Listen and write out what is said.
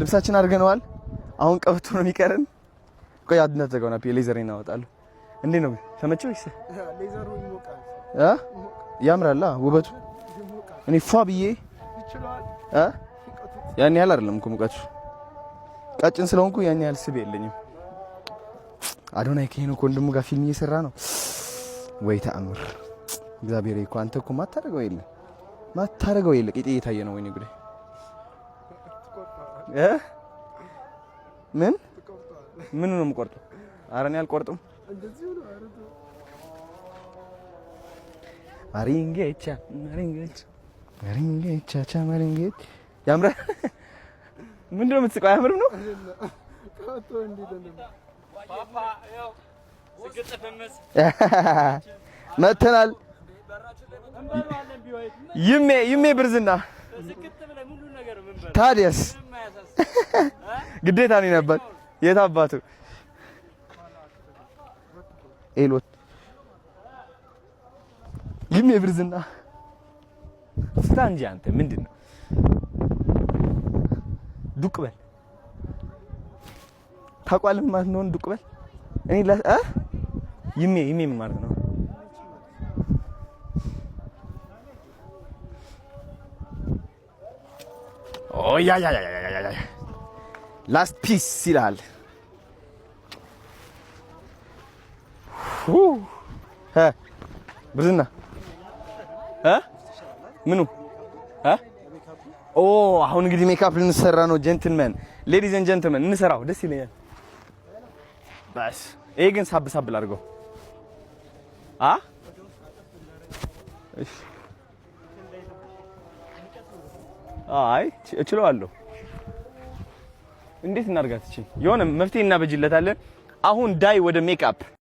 ልብሳችን አድርገነዋል። አሁን ቀበቶ ነው የሚቀረን። ቆይ አትዘጋውና ሌዘር እናወጣለሁ። እንዴ ነው ወይስ ተመቸው? ይስ ያምራላ ውበቱ። እኔ ፏ ብዬ ያን ያህል አይደለም እኮ ሙቀቱ። ቀጭን ስለሆንኩ ያን ያህል ስብ የለኝም። አዶናይ ከሄኖክ ከወንድሙ ጋር ፊልም እየሰራ ነው ወይ ተአምር! እግዚአብሔር እኮ አንተ እኮ ማታደርገው የለ ማታደርገው የለ ቂጤ እየታየ ነው። ወይኔ ጉዳይ ምን ምን ነው የምቆርጠው? ኧረ እኔ አልቆርጥም። ማሪንጌቻ ማሪንጌቻ ማሪንጌቻ ቻ ማሪንጌት ምንድን ነው የምትስቀው? አያምርም ነው መተናል ይሜ ይሜ ብርዝና ታዲያስ ግዴታ ነው ነበር። የት አባቱ ኤሎት ይህም የብርዝና ፍታ እንጂ አንተ ምንድን ነው? ዱቅ በል ታቋልም ማለት ነው። ዱቅ በል እኔ ለ አ ይሜ ይሜ ምን ማለት ነው። ኦ ያ ያ ያ ያ ያ ያ ላስት ፒስ ይልሃል። ብዙና ምኑ አሁን እንግዲህ ሜካፕ ልንሰራ ነው። ጀንትልመን ሌዲዝ ኤንድ ጀንትልመን እንሰራው ደስ ይለኛል። በስ ይሄ ግን ሳብ ሳብ ላድርገው። አ አይ እችለዋለሁ እንዴት እናድርጋት? የሆነ መፍትሄ እናበጅለታለን። አሁን ዳይ ወደ ሜካፕ